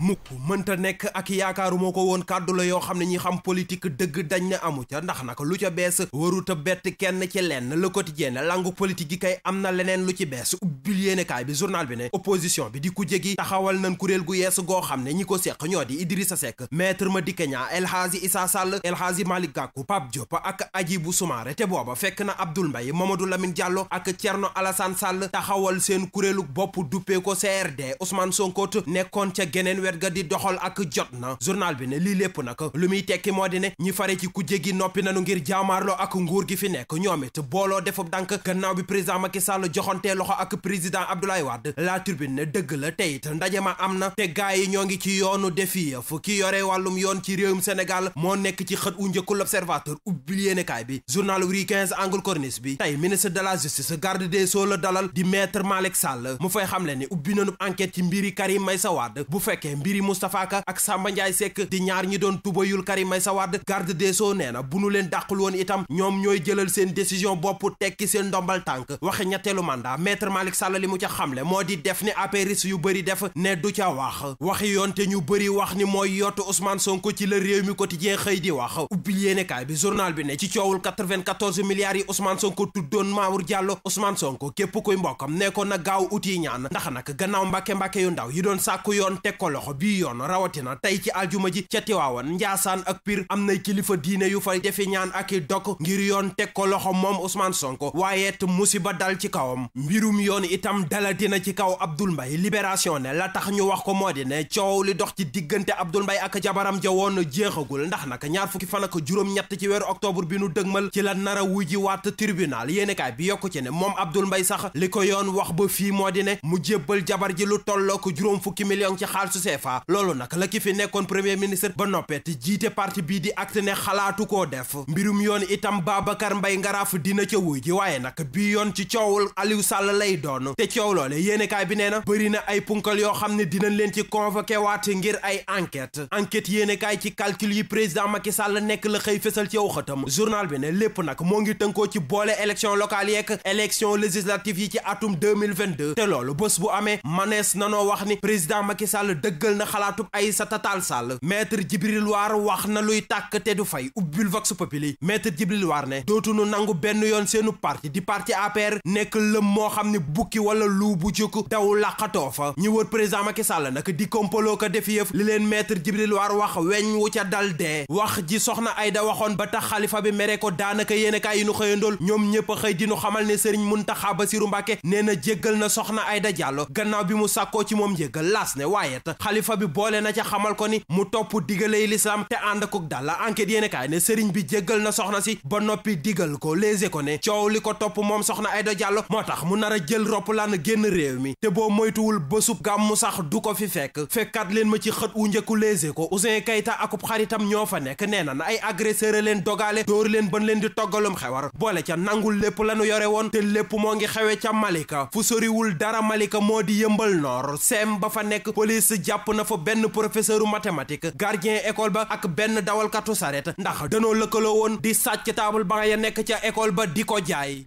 mukk mënta nekk ak yaakaaru moo ko woon kàddu la yoo xam ne ñi xam politique dëgg dañ ne amu ca ndax nag lu ca bees waruta bett kenn ci lenn le quotidien langu politique gi kay am na leneen lu ci bees ubbil yéenekaay bi journal bi ne opposition bi di ku jégi taxawal nañ kuréel gu yees goo xam ne ñi ko seq ñoo di Idrissa Seck maître Madické Niang El Hadji Issa Sall El Hadji Malick Gakou Pape Diop ak Hadjibou Soumaré te booba fekk na Abdoul Mbaye Mamadou Lamine Diallo ak Thierno Alassane Sall taxawal seen kuréelu bopp duppee ko CRD Ousmane Sonko nekkoon ca geneen wet ga di doxal ak jot na journal bi ne lii lépp nag lu muy tekki moo di ne ñi fare ci kujje gi noppi nanu ngir jaamaarloo ak nguur gi fi nekk ñoom it booloo defub dànk gannaaw bi président Macky Sall joxantee loxo ak président Abdoulaye Wade la turbine ne dëgg la te it ndaje ma am na te yi ñoo ngi ci yoonu defi fu yore wàllum yoon ci réewum Sénégal moo nekk ci xët u njëkku l'observateur ubbi yéenekaay bi journal Rue 15 angle corniche bi tey ministre de la justice garde des sceaux la dalal di maître Malick Sall mu fay xamle ni ubbi nanu enquête ci mbiri Karim Meïssa Wade bu fekkee mbiri Moustapha Ka ak Samba Ndiaye Seck di ñaar ñi doon tubayul may sa Wade garde des so nee na bu nu leen dàqul woon itam ñoom ñooy jëlal seen décision bopp tekki seen ndombal tànk waxe ñetteelu mandat maître Malick Sall li mu ca xamle moo di def ni apéris yu bëri def ne du ca wax waxi yoon te ñu bëri wax ni mooy yottu Ousmane Sonko ci la réew mi quotidien xëy di wax ubbi yéenekaay bi journal bi ne ci coowul 94 milliards yi Ousmane Sonko tuddoon Mamour Diallo Ousmane Sonko képp kuy mbokkam ne ko na gaaw uti ñaan ndax nag gannaaw mbàkke mbàkke yu ndaw yi doon sàkku yoon teg loxo bii yoon rawatina tey ci aljuma ji ca Tiwaawan Njaasaan ak Pire am na kilifa diine yu fa defi ñaan ak i dok ngir yoon teg ko loxo moom Ousmane Sonko waaye it musiba dal ci kawam mbirum yoon itam dala dina ci kaw Abdoul mbay Libération ne la tax ñu wax ko moo di ne coow li dox ci diggante Abdoul mbay ak jabaram ja woon jeexagul ndax nag ñaar fukki fan ak juróom-ñett ci weeru octobre bi nu dëgmal ci la nara wujji waat tribunal yéenekaay bi yokk ci ne moom Abdoul Mbaye sax li ko yoon wax ba fii moo di mu jébbal jabar ji lu tolloo ko juróom fukki million ci xaalisu CFA loolu nag la ki fi nekkoon premier ministre ba noppeeti jiite parti bii di acte ne xalaatu ko def mbirum yoon itam Babacar Mbaye Ngaraaf dina ca wuy ji waaye nag bii yoon ci coowul Aliou Sall lay doon te coow loole yéenekaay bi nee na bëri na ay punkal yoo xam ne dinañ leen ci convoqué waate ngir ay enquête enquête yéenekaay ci calcul yi président Macky Sall nekk la xëy fesal ci aw xëtam journal bi ne lépp nag moo ngi tënkoo ci boole élection locale yeeg élection législative yi ci atum 2022 te loolu bés bu amee manees nanoo wax ni président Macky Sall dëgg dëggal na xalaatub Aïssata Tall Sall maître Djibril War wax na luy tàkk te du fay ubbil vox populi maître Djibril waar ne dootunu nangu benn yoon seenu parti di parti APR nekk lëm moo xam ne bukki wala lu bu jukk daw làqatoo fa ñu wër président Macky Sall nag di kompaloo ko def yëf li leen maître Djibril waar wax weñ wu ca dal dee wax ji soxna Aïda waxoon ba tax xalifa bi mere ko daanaka yéene kaay yi nu xëyandool ñoom ñëpp xëy di nu xamal ne Serigne Mountakha Bassirou Mbacké nee na jéggal na soxna Aïda Diallo gannaaw bi mu sàkkoo ci moom njéggal laas xalifa bi boole na ca xamal ko ni mu topp digaley lislaam te ànd akuk dal la enquête yéen kaay ne sëriñ bi jéggal na soxna si ba noppi digal ko léese ko ne coow li ko topp moom soxna Aïda Diallo moo tax mu nar a jël roppalaan génn réew mi te boo moytuwul bésub gàmmu sax du ko fi fekk fekkaat leen ma ci xët wu njëkku léese ko kayita Keita akub xaritam ñoo fa nekk nee na na ay agresseur a leen dogaale dóor leen ban leen di toggalum xewar boole ca nangul lépp lanu yore woon lépp moo ngi xewe ca Malika soriwul dara Malika moo di yëmbal noor jàpp na fa benn professeuru mathématique gardien école ba ak benn dawalkatu saret ndax danoo lëkkaloo woon di sàcc taabal ba ya nekk ca école ba di ko jaay